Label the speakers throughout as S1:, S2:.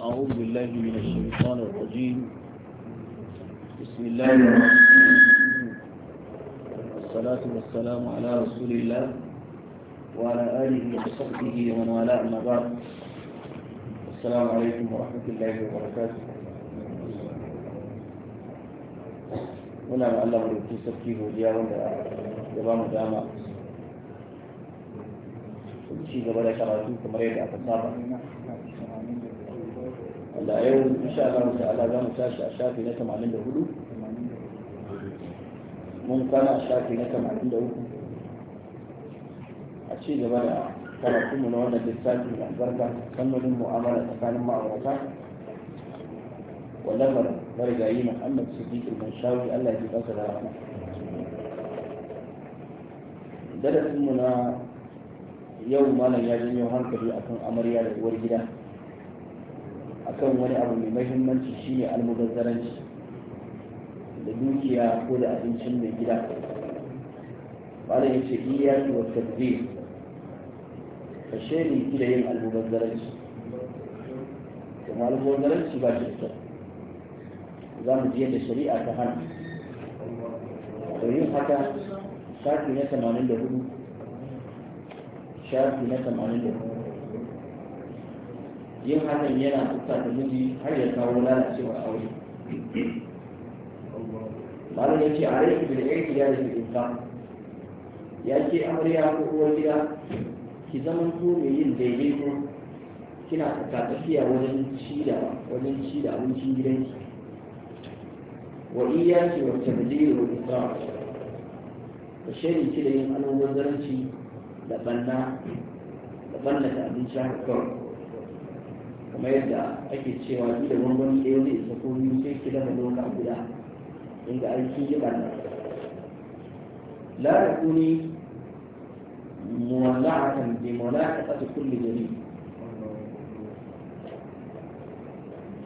S1: أعوذ بالله من الشيطان الرجيم بسم الله الرحمن والصلاة والسلام على رسول الله وعلى آله وصحبه ومن والاه أما بعد السلام عليكم ورحمة الله وبركاته muna da Allah mai sarki godiya wanda ya ba mu dama ci gaba da karatu kamar yadda aka saba
S2: wanda a yau insha Allah ta'ala za mu
S1: tashi a shafi na 84 mun kwana a shafi na 83 a ci gaba da karatun mu na wannan littafin albarka kammalin mu'amala tsakanin ma'aurata wannan mara marigayi Muhammad Siddiq bin Shawi Allah ya ji kansa da rahama darasin mu na yau malam ya janyo hankali akan amarya da uwar gida akan wani abu mai mahimmanci shine almubazzaranci da dukiya ko da abincin mai gida malam ya ce iyaki wa tabbi ka shaidi ki da yin almubazzaranci kuma almubazzaranci ba shi da za mu je da shari'a ta hana
S2: da yin haka
S1: shafi na 84 shafi na 84 yin hakan yana da miji har ya kawo lalacewa aure malam ya ce a rai bil aiki ya da insa ya ce amarya ko uwar gida ki zama to mai yin daidaito kina tsakatafiya wajen ci da wajen ci da abincin gidanki wa iya ce wa tabdiri wa isra da shirin ki da yin almubazzaranci da banna da banna da abinci haka kawai kamar yadda ake cewa duk da gwangwani ɗaya zai isa ko sai ki dafa doka guda inda aiki ya ɓarna la yakuni muwalla'atan bi ta kulli jami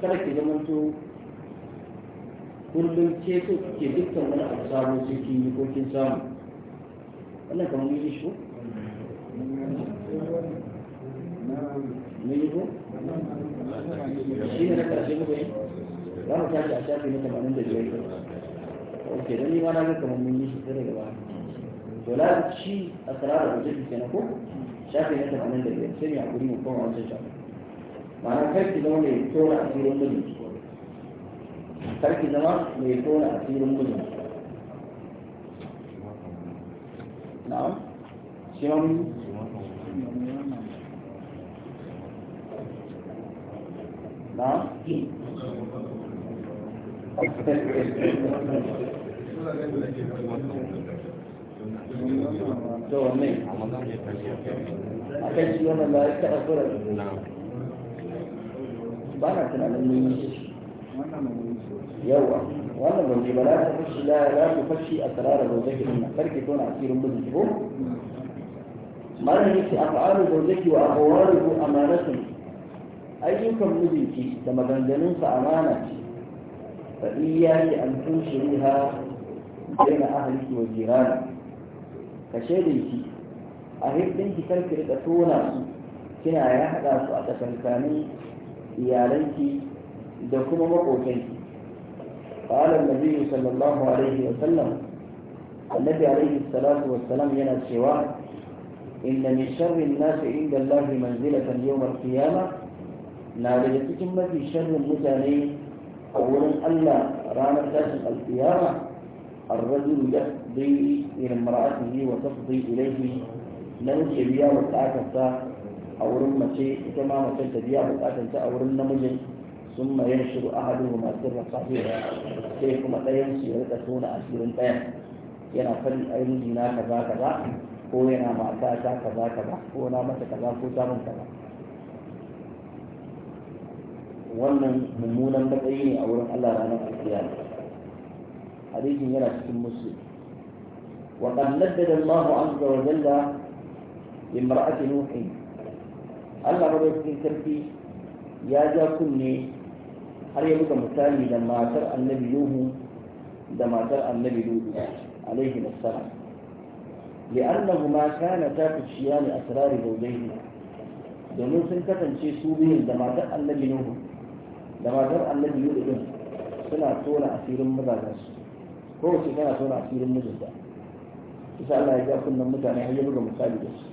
S1: kada ki to kullum ke so ke dukkan wani abu samu sai kin yi ko kin samu wannan kamar yi shi ko shi ne na za mu tashi a shafi na tamanin da biyar ok don na kamar mun yi shi to la a da kenan ko shafi na tamanin da biyar sai mai hakuri mu koma wancan shafi ma'ana karki zama mai tona a filin karki zama mai tona a na'am shi ma mun na?
S2: to wannan a kan shi wannan ba ya taɓa kura ba na tunanin
S1: mun yi yawa wannan ban ji ba za ta fashi la za ku fashi a tsararar rozaki din nan karki tona asirin mijin ko malam yake afa'alu rozaki wa a amanatun ayyukan mijinki da maganganunsa amana ce fa yi an tunshiriha baina ahliki wa jirani ka shaidanki a hiddinki karki rika tona su kina ya haɗa su a tsakankanin iyalanki da kuma maƙotanki قال النبي صلى الله عليه وسلم النبي عليه الصلاة والسلام ينا سواه إن من شر الناس عند الله منزلة يوم القيامة na daga cikin mafi sharrin mutane a wurin Allah ranar tashin alfiyama arrajin ya zai irin mara'atun yi wa tafi ilaihi na wuce biya bukatar sa a wurin mace ita ma mace ta biya bukatar ta a wurin namijin sun mai shiru a hadin rumar sirra sai kuma ɗayan su ya rika tona a shirin ɗayan yana fari ainihin jina kaza kaza ko yana mata ta kaza kaza ko na mata kaza ko samun kaza wannan mummunan matsayi ne a wurin Allah ranar alkiyama hadisin yana cikin muslim wa qad naddada Allah azza wa jalla imra'ati nuh Allah madaukakin sarki ya ja kunne har ya buga misali da matar annabi Nuhu da matar annabi Lutu alaihi assalam لأنهما كانتا تكشيان أسرار زوجيهما domin sun kasance su biyun da matar annabi Nuhu da matar annabi yau din suna tona asirin mazajen su ko wace tana tona asirin mijinta isa Allah ya ja kunnan mutane har ya buga misali da su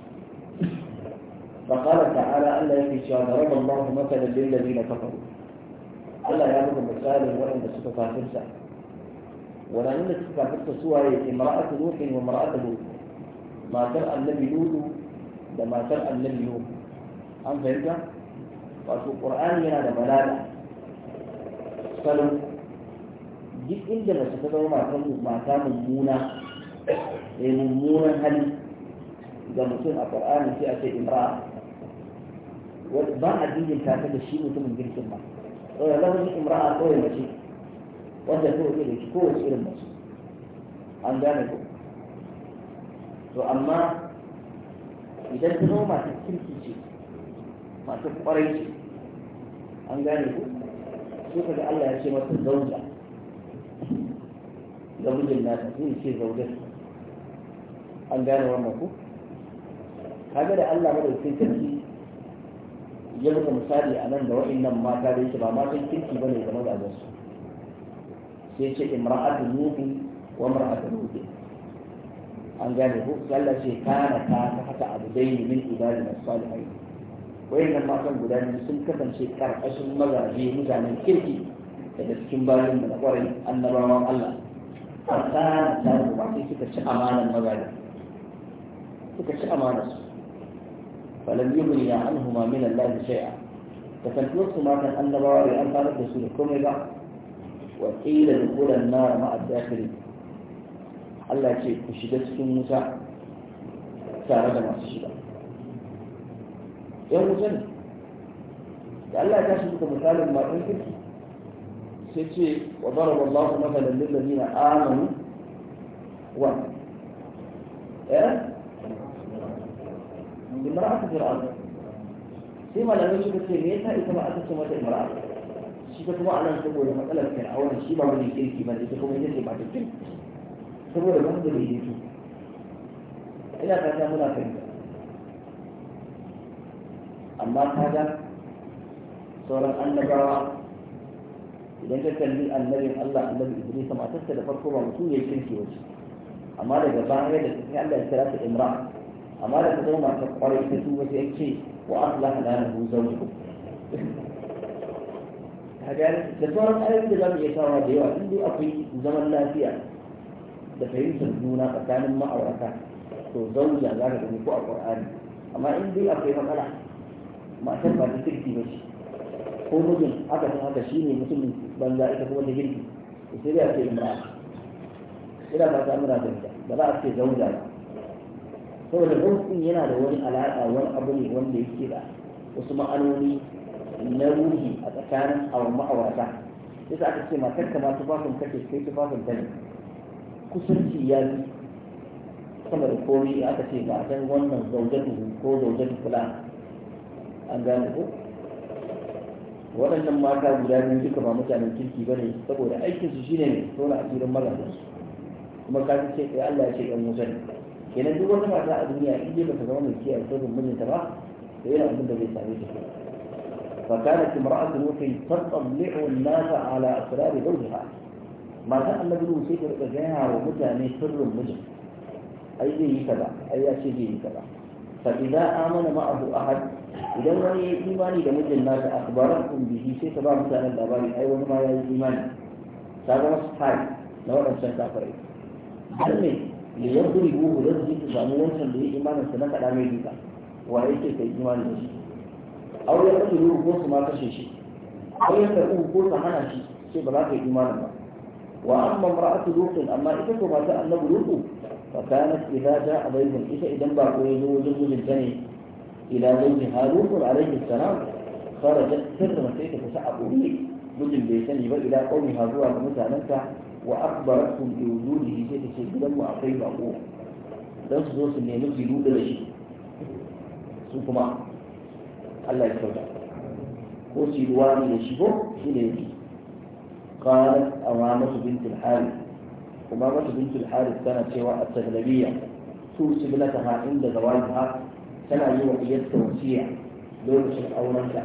S1: فقال تعالى ألا يكفي شهادة رب الله مثلا للذين كفروا ألا يعبد مثال وإن سك كافرسا ولأن سك كافرسا سوى امرأة نوح وامرأة لوط ما ترى النبي لوط ده ترى النبي لوط أم فهمت؟ wato ƙur'ani yana da balaga salo duk inda mace ta zama mata mata mummuna eh mummunan hali ga mutum a qur'ani sai a ce imra ba a ta ta da shi mutum girkin ba ɗaya lafazin imra a ɗaya mace wanda ko wuce da shi kowace irin mace an gane ko to amma idan ta zama masu kirki ce masu kwarai ce an gane ku ko kaga Allah ya ce mata zauja ga mijin nata sai ce zaujar an gane wannan ku kaga da Allah sai kanki ya buga misali a nan da wa'annan mata da yake ba matan kirki ba ne ga mazajensu sai ce imra'atu nuhi wa imra'atu nuhi an gane ko Allah ce kana ta haka abu dai min ibadin salihin wayannan matan guda biyu sun kasance karkashin mazaje mutanen kirki daga cikin bayan da na kwarai annabawan Allah an tsara ta da wasu suka ci amanar mazaje suka ci amanar su falan yubni ya anhuma min Allah shay'a kasantuwar su matan annabawa bai an fara da su da komai ba wa qila dukulan nar ma'a dakhili Allah ce ku shiga cikin wuta tare da masu shiga yan wuta ne da Allah ya tashi muka misalin matan kirki sai ce wa daraba Allah mathalan lil ladina amanu wa eh imra'atu fir'aun sai malamai ka ce me yasa ita ba aka ce mata imra'a shi ka kuma anan saboda matsalar wani shi ba wani kirki ba ita kuma yake ce ba ta kirki saboda ba ta da yake ina ta ta muna fahimta amma kaga sauran annabawa idan ka kalli annabin Allah annabi Idris matarsa da farko ba mutum ya kirki wace amma daga baya da sai Allah ya kira ta Imran amma da ta zama matar kwarai ta tuba sai yake wa aslah la lahu zawjuhu kaga da sauran ayoyin da zamu iya kawo da yawa in dai akwai zaman lafiya da fahimtar juna tsakanin ma'aurata to zauja za ka gani ko a Qur'ani amma in dai akwai matsala matar ba ta kirki ba ce ko mijin aka san haka shine mutumin banza ita kuma ta girki to sai dai a ce ba ina ba ta muna da ba za a ce zauda ba saboda zaukin yana da wani alaƙa wani abu ne wanda yake da wasu ma'anoni na ruhi a tsakanin awon ma'aurata yasa aka ce matar kama tufafin kake kai tufafin ta ne kusurci ya yi sama da komai aka ce ba a san wannan zaujatu ko zaujatu fulani an gane ko waɗannan mata guda biyu duka ba mutanen kirki ba ne saboda aikinsu shine ne tona turin mazajensu kuma ka ce kai eh, Allah ya ce ɗan musa ne kenan duk wata mata a duniya in dai ta zama mai kiyaye sirrin mijinta ba to yana abin da zai same ta ke fa kanat imra'atu nuhi tattabi'u an-nasa ala asrar zawjiha mata annabi ruhu sai ta rika gaya wa mutane sirrin mijin ai zai yi kaza ai ya ce zai yi kaza fa idza amana ma'ahu ahad idan wani ya yi imani da mijin nasa a kun bihi sai ta ba mutanen labari ai wani ma ya yi imani ta zama style na waɗancan kafirai dan ne ya yadri buhu da su samu wancan da ya imanin sa na kaɗa mai duka wa ke kai imani da shi aure ya kashe ko su ma kashe shi aure ya karɓi ko su hana shi sai ba za ka yi imanin ba wa amma a lutin amma ita ko mata annabi lutu fa kanat idza a bayhum ita idan ba ko ya zo wajen mijinta ne إلى زوج هاروت عليه السلام خرجت سر مسيرة تسعة أمي مجل بيسني إلى قومها زوى متعنسة وأخبرتهم بوجوده شيء شيء لم أعطيه أبوه don su zo su nemi gilu da shi su kuma Allah ya kyauta ko su yi ruwani da shi ko shi ne yake qalat awamatu bint al-harith kuma mata bint al tana cewa at-taghlabiyya tu siblataha inda zawajiha tana yi wa biyar tawsiya lokacin aurenta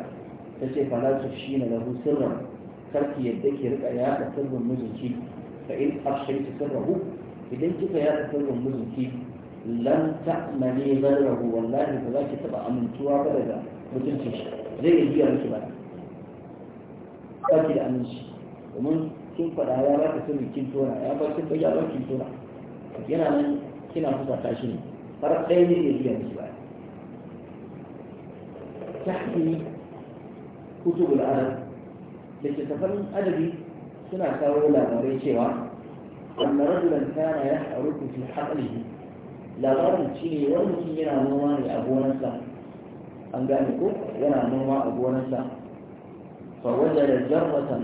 S1: ta ce fa shi tufshina lahu sirran karki yadda ki rika yaɗa sirrin mijinki fa in afshayta sirrahu idan kika yaɗa sirrin mijinki lan ta'mani zarrahu wallahi ba za ki taɓa amintuwa ba daga mutuncin shi zai iya biya miki ba ba ki da aminci domin kin faɗa ya ba ka sirri kin tona ya ba kin ya ba kin tona yana nan kina fusa tashi ne har ɗaya ne iya biya miki ba tahmi kutubul arab tafan adabi suna kawo labarai cewa anna rajulan kana yahruku fi haqlihi labarin shine wani mutum yana noma ne a gonarsa an gane ko yana noma a gonarsa fa wajada jarratan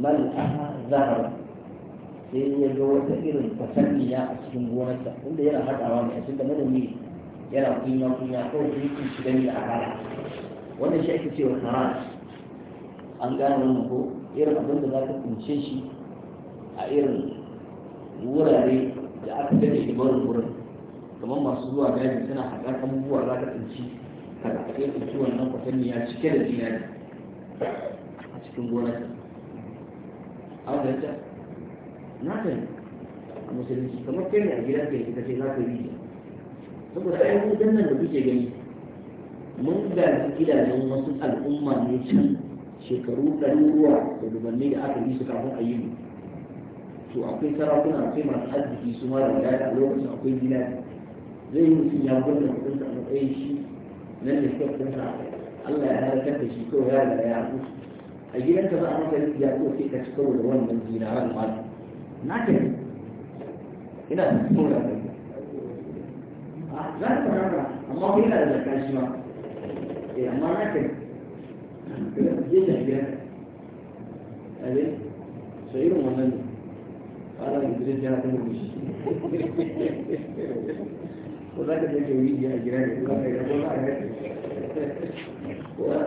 S1: mal'aha zahara sai ya ga wata irin fasanniya a cikin gonarsa inda yana haɗawa mai a cikin da manomi yana kunya kunya ko yake shiga da a baya wannan shi ake cewa karas an gane wannan ko irin abin da za ka kunce shi a irin wurare da aka daɗe da barin wurin kamar masu zuwa daji suna haɗar abubuwa za ka tsinci ka ka iya kunci wannan kwatanni ya cike da zinari a cikin gonar an da ta na ta a musulunci kamar kai ne a gidan kai ka ce za ka yi saboda ai gidan nan da kuke gani mun ga gidajen wasu al'umma ne can shekaru ɗaruruwa da dubanni da aka yi su kafin a yi mu to akwai sarakuna akwai masu arziki su ma da gaya a lokacin akwai gida zai yi mutum ya gwada mutum da matsayin shi na ne suka kunsa Allah ya harkar da shi kawai ya riga ya mutu a gidanka za a maka ya ko sai ka ci kawai da wannan zinaran ma na ke ina da tsoron za ka raba amma ko yana da zakka shi ba. eh amma na kai je da biyar abe so irin wannan ne. ala da zai jira ta mushi ko za ka je ka yi a gida ne ko za ka yi ko za ka ko za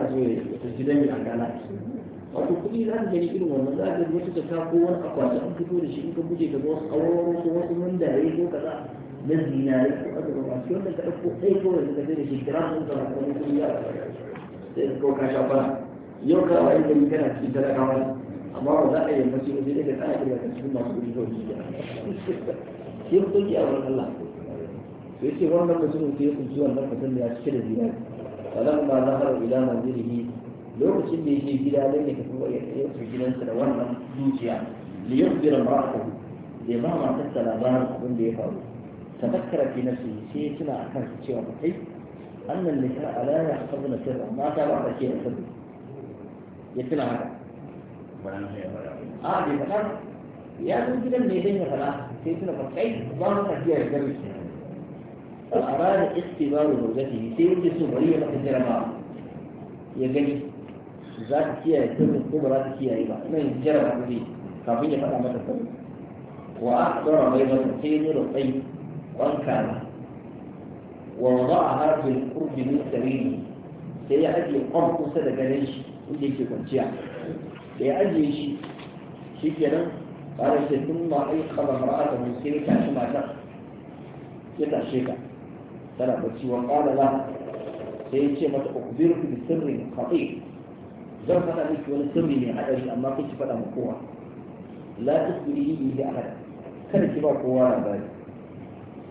S1: ka so ne ta gidan mai akala wato kuɗi za ka gani irin wannan za ka ga wata ta ko wani akwati an fito da shi in ka buɗe ka ga wasu awarwaro ko wasu mandarai ko kaza na zinari ko aka gaba shi wanda ka ɗauko ɗaya da ka zai da shi kira sun zama ko ne ka kasha fara yau ka wa inda kana cikin wani amma ba za a yi mace wajen da ka kira ka cikin masu kuɗi kawai shi shi ya fito a wurin Allah to yace wannan mutumin ke kunci wannan mutum ya cike da zinari a zahara ila manzilihi lokacin da yake gida dan ya tafi ya tafi gidansa da wannan dukiya li yukhbira ma'ahu da ba ma tattala labarin abin da ya faru Ka takkara binarsu ya suna a su cewa bakai. Hannan da suka alayyana a sabbin da kyau ta ba a cikin Ya suna haka. Wani anan ya fara aure. A'a Ya suna gidan mai daina bana. Ya sai suna bakai. Ba za ka biya ya gani. a raye ifti ba sai yake so ba zai tafi jarama. Ya gani. Za ta kiyaye domin ba ba za ta kiyaye ba. Nan jarama ba zai Kafin ya faɗa madafani. Wa za a kai ba ba. Ya sai ya kai. wanka wa wada'aha bil qurbi min sariri sai ya ajiye kwan kusa da ganin shi inda yake kwanciya da ya ajiye shi shi kenan ƙara ce tun ma ai kaba mara'ata mun sai ya tashi matar ya ka tana bacci wa ƙara la sai ya ce mata ukbiru bi sirrin khatir zan faɗa miki wani sirri mai haɗari amma kake faɗa ma kowa la kada ki ba kowa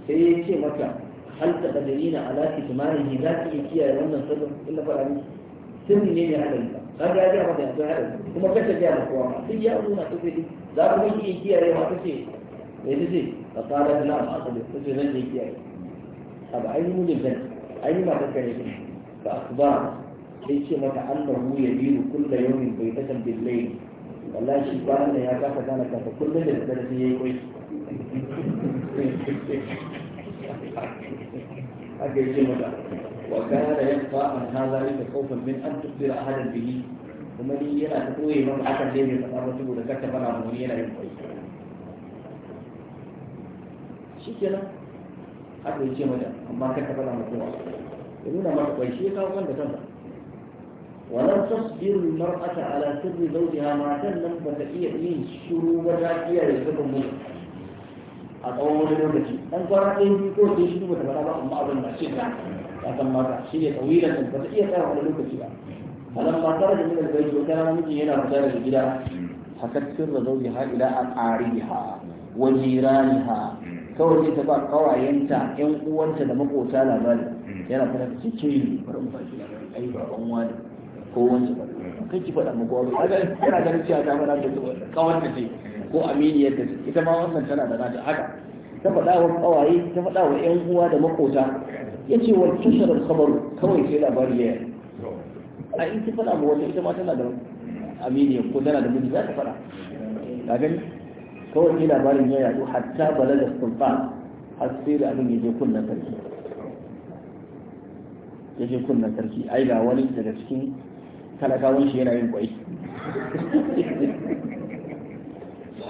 S1: sai ya ce mata hal ta qadirina ala kitmanihi za ki iya kiyaye wannan sirrin in na faɗa miki sirri ne mai hadari ka ga ya mata yanzu hadari kuma ta ga da ma sai ya zo na tafi za ku iya kiyaye ma ce me ce ka fara na ma kace ce zan je kiyaye abu ai mu ne ban ai ma ta kare ki ba akbar sai ce mata annahu yabiru kullu yawmin baytatan bil layl wallahi shi ba ne ya kafa kana kafa kullum da da sai yayi koyi haka yake mata wa kana yaqfa an hadha lika khawfan min an tusira ahadan bihi kuma ni yana ta koye akan dai bai faɗa kar ta fara mu yana yin kwai shikenan haka yake mata amma kar ta shi ya kawo kan da تصبر المرأة على سر زوجها ما لم تتقي من شروب الراكية يسبب a tsawon wani lokaci dan kwana ɗaya biyu ko sai shi ba ta faɗa ba amma abin na ce ta ya san mata shi ne tsawilan ba ta iya tsaya wani lokaci ba alam ma tara da minar bai wata rana miji yana fita daga gida hakat sirra zauji ha ila a ƙariha wa jiraniha kawai sai ta ba kawayenta ƴan uwanta da makota labari yana fara da cike yi bari mu faɗi labari ai baban wani ko wancan ba kai ki faɗa mu gwamnati yana ganin cewa ta faɗa da kawar da ce ko aminiyar ta ita ma wannan tana da nata haka ta faɗa wa ƙawaye ta faɗa wa ƴan uwa da makota ya ce wa tusharar kabaru kawai sai labari ya a in ta faɗa ma wata ita ma tana da aminiyar ko tana da miji za ta faɗa ka gani kawai sai labarin ya yaɗu hatta balaga sulfa har sai da abin ya je kunnan sarki ya je kunnen sarki ai ga wani daga cikin talakawan shi yana yin kwai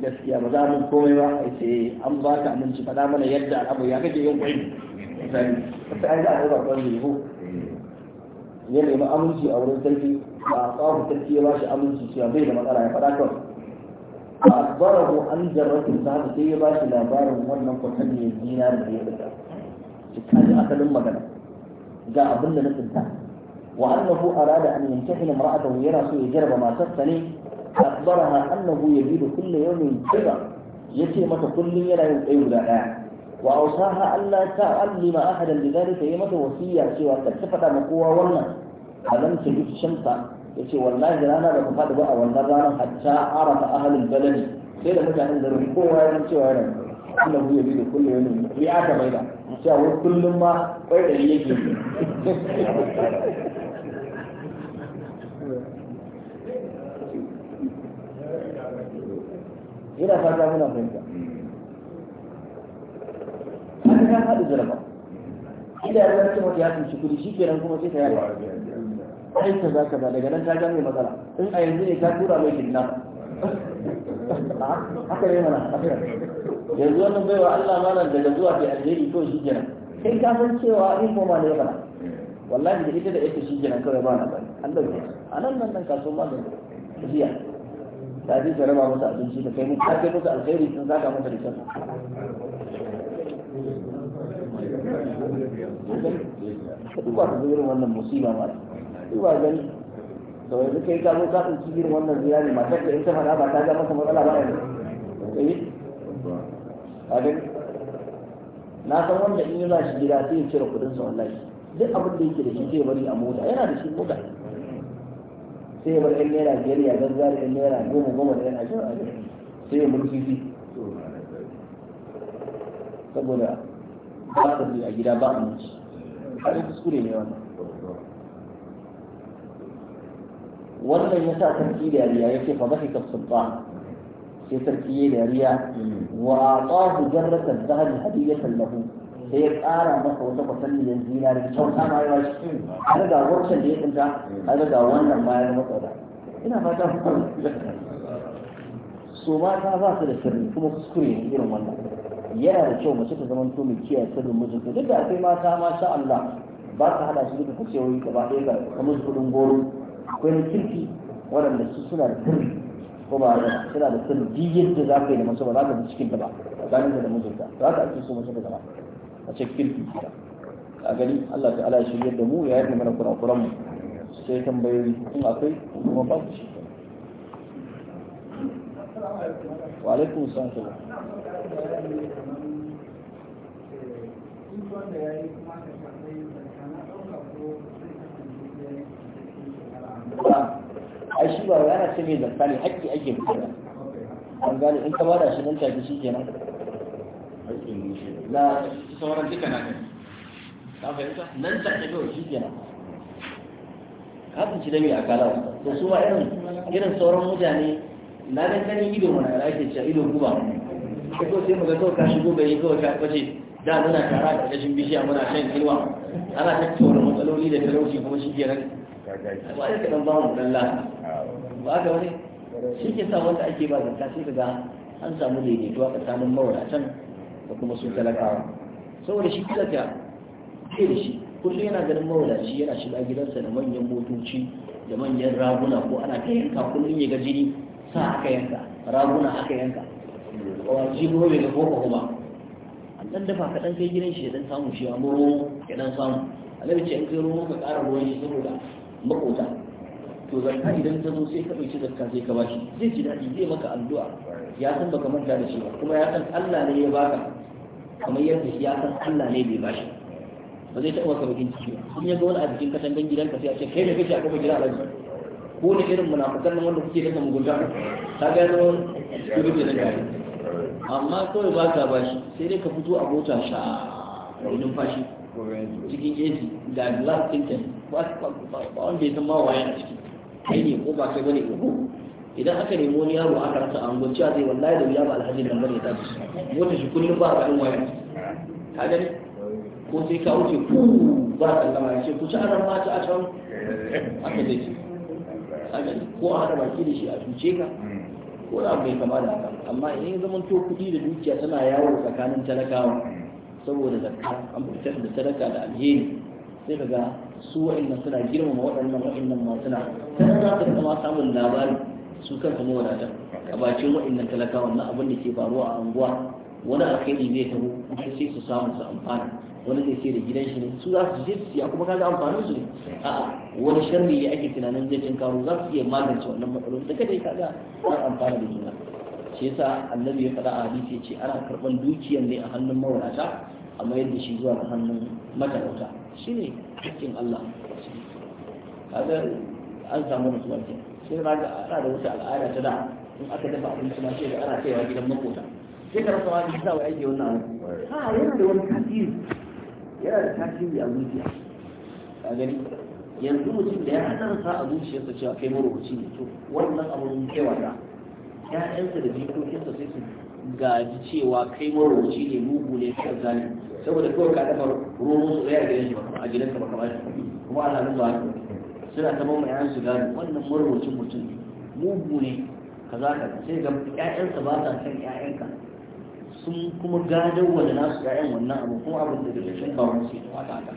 S1: gaskiya ba za mu komai ba a ce an ba ka aminci faɗa mana yadda al'abu ya kake yin kwai misali wata an za a ɗaura kwan zuhu ya nemi aminci a wurin sarki ba a kawo sarki ya ba shi aminci cewa bai da matsala ya faɗa kawai ba a bara ko an jarratu ta haka sai ya ba shi labarin wannan kwatan ne zina da ya ɗaga shi kaji asalin magana ga abin da na tsinta wa annahu arada an yantahina mar'atahu yana so ya jarraba matarsa ne أخبرها أنه يزيد كل يوم بيضا يتي متى كل يوم أيضا وأوصاها ألا تعلم أحدا بذلك هي متى وصية سوى تكتفت مقوى ولا ألم تجد الشمس يتي والله جلانا بكفاد بقى والنرانا حتى عرف أهل البلد سيدا متى عند المقوى يوم سوى يوم أنه يزيد كل يوم رعاك بيضا سوى كل ما بيضا يجي ina fata muna fahimta an ka haɗu jaraba ida ya zama cewa ya tunci kuɗi shi kenan kuma sai ta yada ai ka za ka ba daga nan ta ga mai matsala in a yanzu ne ta tura mai kidnap haka ne mana yanzu wannan baiwa Allah malam daga zuwa bai alheri ko shi kenan sai ka san cewa in koma ne mana wallahi da ita da ita shi kenan kawai ba na bari Allah ya a nan nan nan kasuwa ba da jiya ta je ka raba musu abinci da kai musu kai musu alkhairi sun zaka masa da kyau ka ba ka ga irin wannan musiba ma ba gani to yanzu kai ka zo ka tsinci irin wannan zira ne matar da in ta fara ba ta ga masa matsala ba ne eh a gani na san wanda in yana shi gida sai ya cire sa wallahi duk abin da yake da shi zai bari a mota yana da shi mota sai bar ɗan naira biyar ya banza da ɗan naira goma goma da ɗan ashirin ashirin sai ya murfifi saboda ba ka a gida ba aminci har kuskure ne wannan wannan ya sa sarki dariya ya ce fa mahi ka sultan sai sarki ya dariya wa atahu jarratan zahabi hadiyatan lahu da ya tsara masa wata kwatanniyar zina da kyauta ma ya bashi har ga wancan da ya tsinta har ga wannan ma ya masa da ina fata so mata ba su da sirri kuma kuskure ne irin wannan yana da kyau mace ta zama to mai kiyaye mijin ta duk da akwai mata ma sha Allah ba ta hada su duka kucewoyi gaba ɗaya ga kamar kudin goro akwai na kirki waɗanda su suna da sirri ko ba da suna da sirri duk da za ka yi da mace ba za ka bi cikin ta ba tsakanin da ta za ka ake so mace ta zama a cikin kirki a gani Allah ala shirya da mu ya yi mana kurakuran mu sai tambayoyi in akwai kuma ba ku shi
S2: wa alaikum salam
S1: a ah, shi ba yana ce mai zarta ne haƙƙi ake mutane an gane in ka da shi nan take shi kenan la sauran duka na ka nan ta ke kawai shi kenan ci da mai akala to su ba irin irin sauran mutane na dan gani ido mana da ake cewa ido guba ko sai mu ga kawai ka shigo bai kawai ka kwace da muna tara da kashin bishiya muna shan inuwa ana tattauna matsaloli da talauci kuma shi kenan ba ai kaɗan ba mu ɗan ba ga wani shi ke sa wanda ake ba zanta sai ka ga an samu daidaito a tsakanin can da kuma sun talakawa saboda shi talaka ke da shi kullum yana ganin mawadaci yana shiga gidansa da manyan motoci da manyan raguna ko ana ta yanka kullum ya ga jini sa aka yanka raguna aka yanka wa jibo ne da koko kuma an dan dafa kaɗan kai gidan shi dan samu shi amma romo ya dan samu alabi ce in kai romo ka ƙara ruwan shi saboda makota to zakka idan ta zo sai ka ɗauki zakka sai ka bashi zai ji daɗi zai maka addu'a ya san baka manta da shi ba kuma ya san Allah ne ya baka kamar yadda shi ya san Allah ne bai bashi ba zai taɓa wasa bakin ciki ba in ya ga wani a jikin katangan gidanka sai a ce kai ne kake a kofar gida alaji ko ne irin munafukan nan wanda kuke daga mugunta ta ga zama kuri da nan gari amma kawai ba ka bashi sai dai ka fito a mota sha wani fashi cikin AC ga glass tinted ba wanda ya zama wayan a ciki kai ne ko ba kai bane ko idan aka nemo wani yaro aka rasa an gwanci a zai wallahi da wuya ba alhaji da bane ta su wata shi kullum ba kan waya ka gani ko sai ka wuce ku ba a kama ya ce ku ci aran mata a can aka zai ce ka gani ko a hada baki da shi a cuce ka ko da bai kama da haka amma in ya zama to kuɗi da dukiya tana yawo tsakanin talakawa saboda zakka an fitar da talaka da alheri sai ka ga su nan suna girmama waɗannan wa'in nan masu na za ka zama samun labari su kuma wadatar a bakin wa'annan talakawan na abin da ke faruwa a unguwa. wani alkhairi zai taho kuma sai su samu su amfana wani zai sai da gidan shi ne su za su je su siya kuma kaga amfanin su ne a'a wani sharri ya ake tunanin zai cin karo za su iya magance wannan matsalolin da kada ga an amfana da juna shi yasa annabi ya faɗa a hadisi ya ce ana karɓan dukiyar ne a hannun mawadata a mayar da shi zuwa ga hannun matalauta ne hakkin Allah kaga an samu nutsuwa kenan sai ba ga ana da wata al'ada ta da in aka dafa abinci ma sai da ana kaiwa gidan makota sai ka rasa wani sa wa yake wannan abu ha yana da wani tasiri yana da tasiri a zuciya ka gani yanzu mutum da ya hadarsa a zuciyarsa cewa kai marubuci ne to wannan abun kai wata ƴaƴansa da jikokinsa sai su gaji cewa kai marubuci ne mugu ne ka gane saboda kawai ka dafa romo su tsaya a gidan shi ba a gidansa ba kamar kuma ana nuna suna ta mamma yayan su gani wannan murmucin mutum mugu ne za ka sai ga ƴaƴansa ba sa san ƴaƴanka sun kuma gadon wa nasu ƴaƴan wannan abu kuma abin da daga cikin bawon su ta haka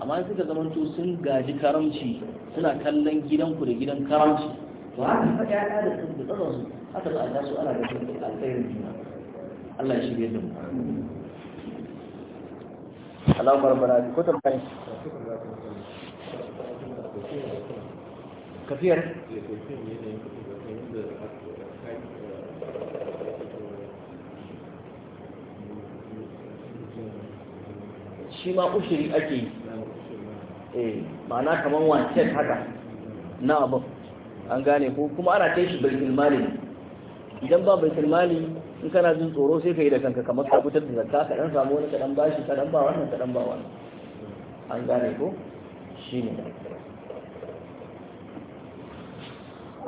S1: amma suka to sun gaji karamci suna kallon gidanku da gidan karamci to haka fa ƴaƴa da sun da su haka za a su ana da cikin alkhairin juna Allah ya shirye da mu Allah barbara ko tambaye tafiyar shi ma ushiri ake yi eh ma'ana kamar wancan haka na abin an gane ko kuma ana kai shi baitul mali idan ba baitul mali in kana jin tsoro sai ka yi da kanka kamar ka fitar da zakka ka dan samu wani ka dan bashi ka dan ba wannan ka dan ba wannan an gane ko ne.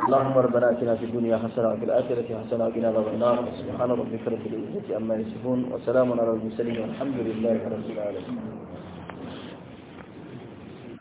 S1: اللهم ربنا اتنا في الدنيا حسنه وفي الاخره حسنه وقنا عذاب النار سبحان ربك رب العزه عما يصفون وسلام على المرسلين والحمد لله رب العالمين